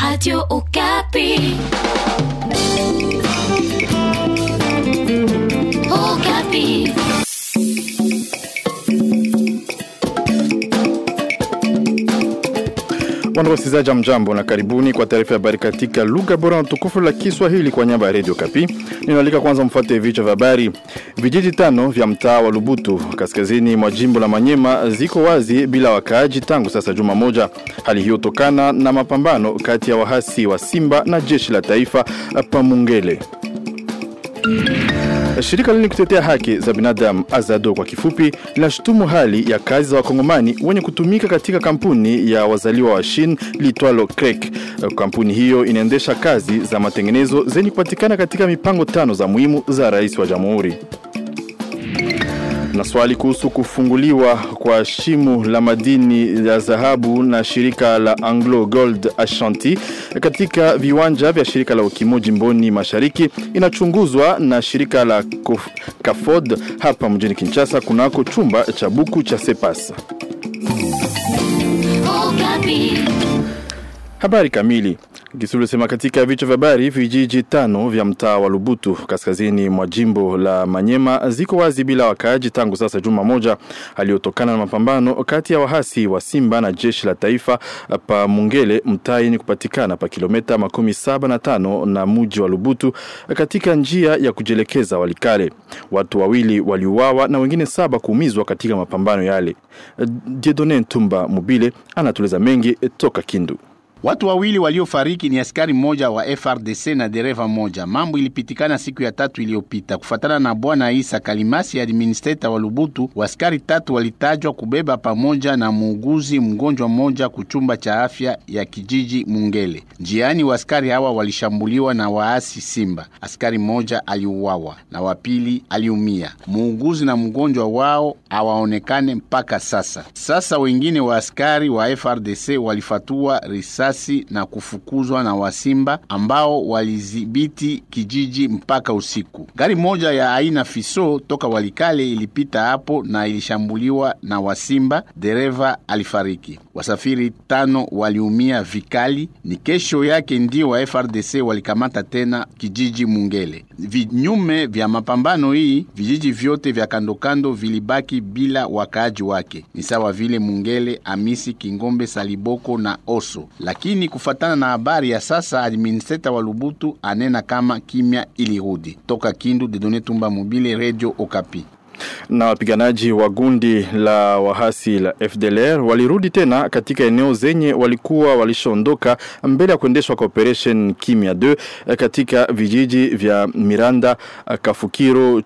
Radio Okapi. Okapi. Wapendwa wasikilizaji, mjambo na karibuni kwa taarifa ya habari katika lugha bora na tukufu la Kiswahili kwa nyamba ya Radio Kapi. Ninaalika kwanza mfuate vichwa vya habari. Vijiji tano vya mtaa wa Lubutu kaskazini mwa jimbo la Manyema ziko wazi bila wakaaji tangu sasa juma moja. Hali hiyo tokana na mapambano kati ya wahasi wa Simba na jeshi la taifa Pamungele. Eh, shirika lenye kutetea haki za binadamu Azado kwa kifupi linashutumu hali ya kazi za wakongomani wenye kutumika katika kampuni ya wazaliwa wa Shin litwalo Krek. Eh, kampuni hiyo inaendesha kazi za matengenezo zenye kupatikana katika mipango tano za muhimu za rais wa jamhuri na swali kuhusu kufunguliwa kwa shimu la madini ya dhahabu na shirika la Anglo Gold Ashanti katika viwanja vya shirika la ukimoji mboni Mashariki inachunguzwa na shirika la Kafod hapa mjini Kinshasa kunako chumba cha buku cha Sepasa. Oh, Habari kamili Gisulu sema katika vichwa vya habari vijiji tano vya mtaa wa Lubutu kaskazini mwa jimbo la Manyema ziko wazi bila wakaaji tangu sasa juma moja aliyotokana na mapambano kati ya wahasi wa Simba na jeshi la taifa pa Mungele mtaini kupatikana pa kilomita makumi saba na tano na muji wa Lubutu katika njia ya kujelekeza walikale. Watu wawili waliuawa na wengine saba kuumizwa katika mapambano yale. Diedone Ntumba Mubile anatueleza mengi toka Kindu. Watu wawili waliofariki ni askari mmoja wa FRDC na dereva mmoja. Mambo ilipitikana siku ya tatu iliyopita. Kufatana na bwana Isa Kalimasi, administrata wa Lubutu, waskari tatu walitajwa kubeba pamoja na muuguzi mgonjwa mmoja kuchumba cha afya ya kijiji Mungele. Njiani, waskari hawa walishambuliwa na waasi Simba. Askari mmoja aliuawa na wapili aliumia. Muuguzi na mgonjwa wao hawaonekane mpaka sasa. Sasa wengine wa askari wa FRDC walifatua risasi risasi na kufukuzwa na Wasimba ambao walizibiti kijiji mpaka usiku. Gari moja ya aina Fiso toka Walikale ilipita hapo na ilishambuliwa na Wasimba, dereva alifariki, wasafiri tano waliumia vikali. Ni kesho yake ndio wa FRDC walikamata tena kijiji Mungele vinyume vya mapambano hii vijiji vyote vya kandokando vilibaki bila wakaaji wake, ni sawa vile Mungele, Amisi, Kingombe, Saliboko na Oso. Lakini kufatana na habari ya sasa, administrator wa Lubutu anena kama kimya ilirudi toka Kindu. Dedone Tumba Mobile, Radio Okapi na wapiganaji wa gundi la wahasi la FDLR walirudi tena katika eneo zenye walikuwa walishondoka mbele ya kuendeshwa kwa operation Kimya 2 eh, katika vijiji vya Miranda, eh, Kafukiro,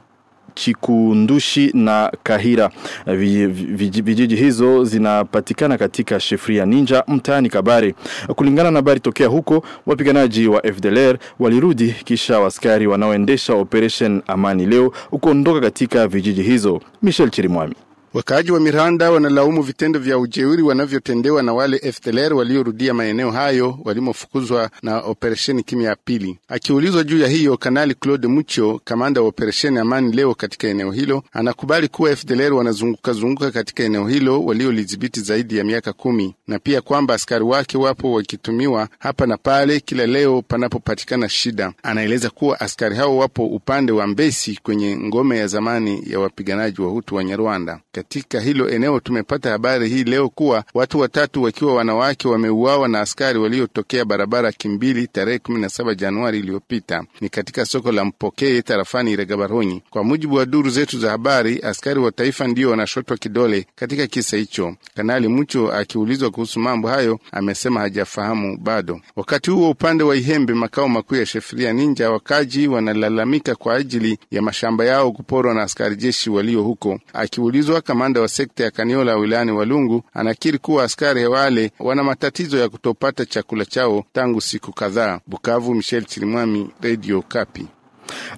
Chikundushi na Kahira. Vijiji hizo zinapatikana katika Shefria Ninja mtaani Kabare. Kulingana na habari tokea huko, wapiganaji wa FDLR walirudi kisha waskari wanaoendesha Operation Amani leo ukondoka katika vijiji hizo. Michel Chirimwami Wakaaji wa Miranda wanalaumu vitendo vya ujeuri wanavyotendewa na wale FDLR waliorudia maeneo hayo walimofukuzwa na operesheni kimya ya pili. Akiulizwa juu ya hiyo, Kanali Claude Mucho, kamanda wa operesheni Amani Leo katika eneo hilo, anakubali kuwa FDLR wanazungukazunguka katika eneo hilo waliolidhibiti zaidi ya miaka kumi, na pia kwamba askari wake wapo wakitumiwa hapa na pale kila leo panapopatikana shida. Anaeleza kuwa askari hao wapo upande wa Mbesi kwenye ngome ya zamani ya wapiganaji wa Hutu wa Nyarwanda katika hilo eneo. Tumepata habari hii leo kuwa watu watatu wakiwa wanawake wameuawa na askari waliotokea barabara Kimbili tarehe 17 Januari iliyopita, ni katika soko la Mpokee tarafani regabaronyi Kwa mujibu wa duru zetu za habari, askari wa taifa ndio wanashotwa kidole katika kisa hicho. Kanali Mucho akiulizwa kuhusu mambo hayo amesema hajafahamu bado. Wakati huo upande wa Ihembe, makao makuu ya shefria Ninja, wakaji wanalalamika kwa ajili ya mashamba yao kuporwa na askari jeshi walio huko. Akiulizwa kamanda wa sekta ya Kaniola wilayani Walungu anakiri kuwa askari wale wana matatizo ya kutopata chakula chao tangu siku kadhaa. Bukavu, Michel Chirimwami, Radio Kapi.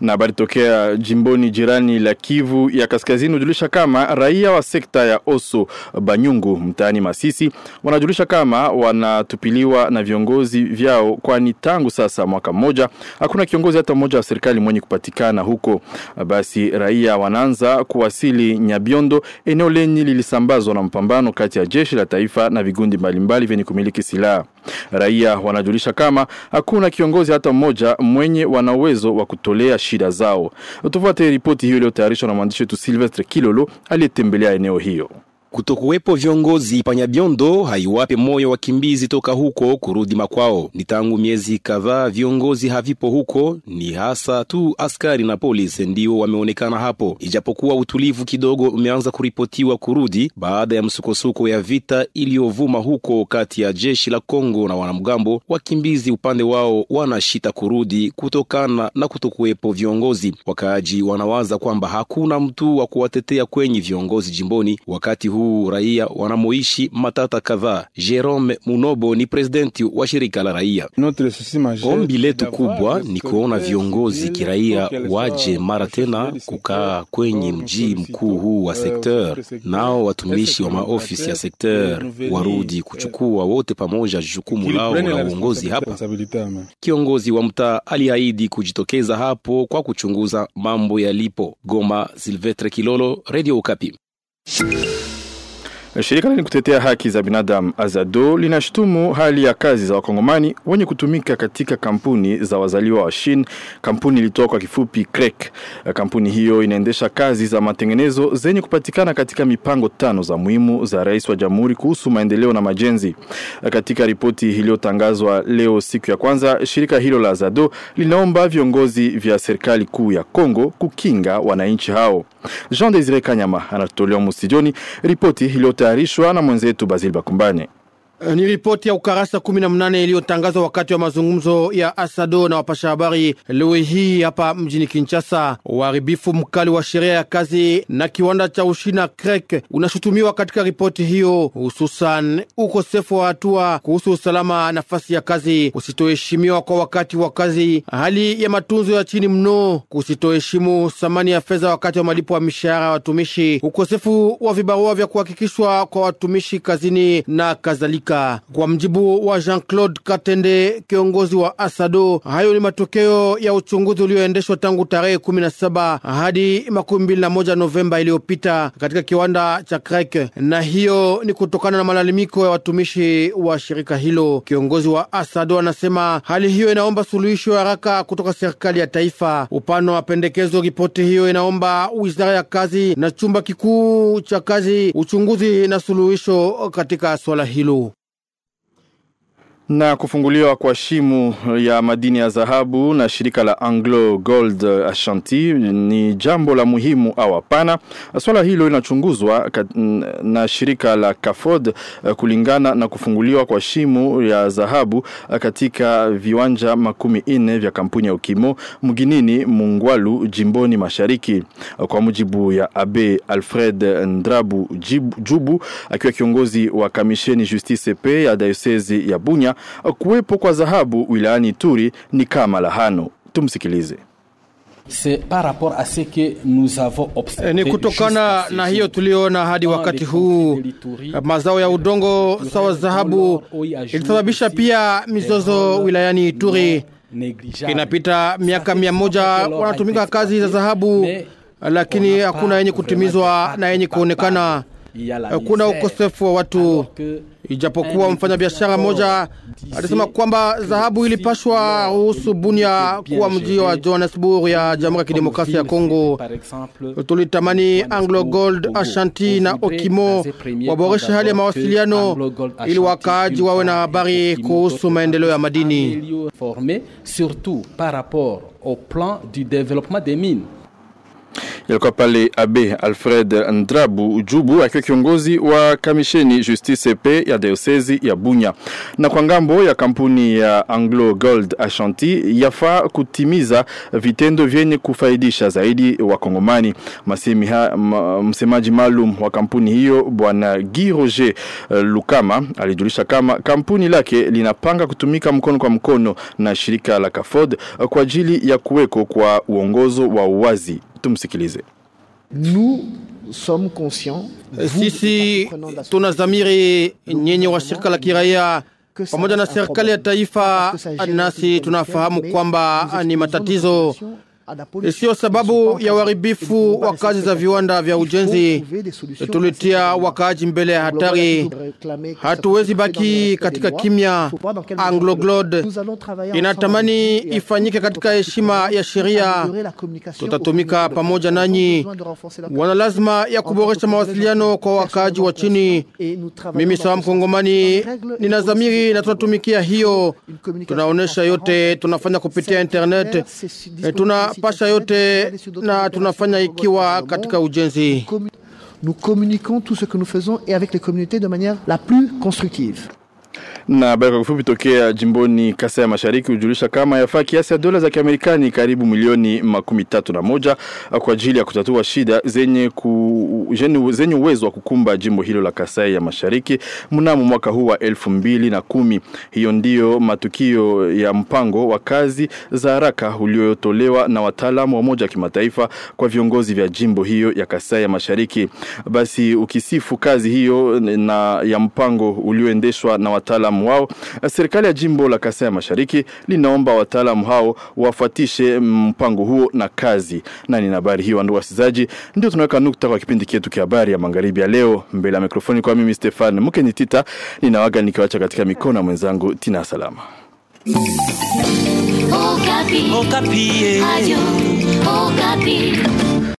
Na habari tokea jimboni jirani la Kivu ya Kaskazini hujulisha kama raia wa sekta ya Oso Banyungu mtaani Masisi wanajulisha kama wanatupiliwa na viongozi vyao kwani tangu sasa mwaka mmoja hakuna kiongozi hata mmoja wa serikali mwenye kupatikana huko. Basi raia wanaanza kuwasili Nyabiondo eneo lenye lilisambazwa na mpambano kati ya jeshi la taifa na vigundi mbalimbali vyenye kumiliki silaha. Raia wanajulisha kama hakuna kiongozi hata mmoja mwenye wana uwezo wa kutolea shida zao. Tufuate ripoti hiyo iliyotayarishwa na mwandishi wetu Silvestre Kilolo aliyetembelea eneo hiyo. Kutokuwepo viongozi panya biondo haiwape moyo wakimbizi toka huko kurudi makwao. Ni tangu miezi kadhaa viongozi havipo huko, ni hasa tu askari na polisi ndio wameonekana hapo, ijapokuwa utulivu kidogo umeanza kuripotiwa kurudi baada ya msukosuko ya vita iliyovuma huko kati ya jeshi la Kongo na wanamgambo. Wakimbizi upande wao wanashita kurudi kutokana na kutokuwepo viongozi. Wakaaji wanawaza kwamba hakuna mtu wa kuwatetea kwenye viongozi jimboni wakati huu huu raia wanamoishi matata kadhaa. Jerome Munobo ni presidenti wa shirika la raia. Ombi letu kubwa ni kuona viongozi kiraia waje mara tena kukaa kwenye mji mkuu huu wa euh, sekteur, nao watumishi wa maofisi ya sekteur warudi euh, kuchukua wote pamoja jukumu lao la uongozi hapa. Kiongozi wa mtaa aliahidi kujitokeza hapo kwa kuchunguza mambo yalipo. Goma, Silvestre Kilolo, Radio Okapi. Shirika la kutetea haki za binadamu Azado linashtumu hali ya kazi za wakongomani wenye kutumika katika kampuni za wazaliwa wa Shin. Kampuni ilitoa kwa kifupi CREC. Kampuni hiyo inaendesha kazi za matengenezo zenye kupatikana katika mipango tano za muhimu za Rais wa Jamhuri kuhusu maendeleo na majenzi. Katika ripoti iliyotangazwa leo siku ya kwanza, shirika hilo la Azado linaomba viongozi vya serikali kuu ya Kongo kukinga wananchi hao. Jean Desire Kanyama anatolea mstudioni ripoti iliyotangazwa ilitayarishwa na mwenzetu Basil Bakumbanye. Eh, ni ripoti ya ukarasa 18 iliyotangazwa wakati wa mazungumzo ya Asado na wapasha habari leo hii hapa mjini Kinshasa. Uharibifu mkali wa sheria ya kazi na kiwanda cha Ushina Krek unashutumiwa katika ripoti hiyo, hususan ukosefu wa hatua kuhusu usalama, nafasi ya kazi, kusitoheshimiwa kwa wakati wa kazi, hali ya matunzo ya chini mno, kusitoheshimu thamani ya fedha wakati wa malipo ya mishahara ya watumishi, ukosefu wa vibarua vya kuhakikishwa kwa watumishi kazini na kadhalika kuharibika. Kwa mjibu wa Jean-Claude Katende, kiongozi wa Asado, hayo ni matokeo ya uchunguzi ulioendeshwa tangu tarehe 17 hadi 21 Novemba iliyopita katika kiwanda cha Krek, na hiyo ni kutokana na malalamiko ya watumishi wa shirika hilo. Kiongozi wa Asado anasema hali hiyo inaomba suluhisho ya haraka kutoka serikali ya taifa. Upano wa pendekezo, ripoti hiyo inaomba wizara ya kazi na chumba kikuu cha kazi uchunguzi na suluhisho katika swala hilo. Na kufunguliwa kwa shimu ya madini ya dhahabu na shirika la Anglo Gold Ashanti ni jambo la muhimu au hapana. Swala hilo linachunguzwa na shirika la Cafod eh, kulingana na kufunguliwa kwa shimu ya dhahabu eh, katika viwanja makumi ine vya kampuni ya Ukimo mginini Mungwalu jimboni Mashariki. Kwa mujibu ya Abe Alfred Ndrabu Jubu akiwa kiongozi wa Kamisheni Justice Pe ya Diocese ya Bunya kuwepo kwa dhahabu wilayani Turi ni kama lahano. Tumsikilize. E, ni kutokana na hiyo tuliona hadi wakati huu eh, mazao ya udongo sawa dhahabu ilisababisha pia mizozo wilayani Ituri. Inapita miaka mia moja wanatumika kazi za dhahabu, lakini hakuna yenye kutimizwa na yenye kuonekana. Eh, kuna ukosefu wa watu, ijapokuwa mfanyabiashara mmoja alisema kwamba dhahabu ilipashwa ruhusu Bunia kuwa mji wa Johannesburg ya Jamhuri ya Kidemokrasia ya Kongo. Tulitamani Anglo Gold, Ashanti na Okimo waboreshe hali ya mawasiliano ili wakaaji wawe na habari kuhusu maendeleo ya madini yalikuwa pale Abe Alfred Ndrabu Jubu akiwa kiongozi wa kamisheni Justice pe ya diocese ya Bunya. Na kwa ngambo ya kampuni ya Anglo Gold Ashanti yafaa kutimiza vitendo vyenye kufaidisha zaidi wakongomani. Ma, msemaji maalum wa kampuni hiyo bwana Guy Roger eh, Lukama alijulisha kama kampuni lake linapanga kutumika mkono kwa mkono na shirika la Kafod eh, kwa ajili ya kuweko kwa uongozo wa uwazi tumsikilize. Sisi tunadhamiri nyinyi wa shirika la kiraia pamoja na serikali ya taifa, nasi tunafahamu kwamba ni matatizo sio sababu ya uharibifu wa kazi za viwanda vya ujenzi. Tulitia wakaaji mbele ya hatari. Hatuwezi baki katika kimya. Angloglod inatamani ifanyike katika heshima ya sheria. Tutatumika pamoja nanyi. Wana lazima ya kuboresha mawasiliano kwa wakaaji wa chini. Mimi sawa Mkongomani nina zamiri na tunatumikia hiyo. tunaonyesha yote tunafanya kupitia internet, tuna tunayapasha yote na tunafanya ikiwa katika ujenzi. Nous communiquons tout ce que nous faisons et avec les communautés de manière la plus constructive. Na habari kwa kifupi tokea jimboni Kasa ya Mashariki hujulisha kama yafaa kiasi ya dola za Kiamerikani karibu milioni makumi tatu na moja kwa ajili ya kutatua shida zenye ku, jenu, zenye uwezo wa kukumba jimbo hilo la Kasai ya Mashariki mnamo mwaka huu wa elfu mbili na kumi. Hiyo ndiyo matukio ya mpango wa kazi za haraka uliotolewa na wataalamu wa moja kimataifa kwa viongozi vya jimbo hiyo ya Kasai ya Mashariki. Basi ukisifu kazi hiyo na ya mpango ulioendeshwa na wataalamu wataalamu wao. Serikali ya jimbo la Kasai Mashariki linaomba wataalamu hao wafuatishe mpango huo na kazi. Na ni habari hiyo ndugu wasizaji, ndio tunaweka nukta kwa kipindi kietu kia habari ya magharibi ya leo. Mbele ya mikrofoni kwa mimi Stefan Mkenitita, ninawaga nikiwacha katika mikono mwenzangu Tina Salama. Okapi. Okapi. Eh. Adio. Okapi.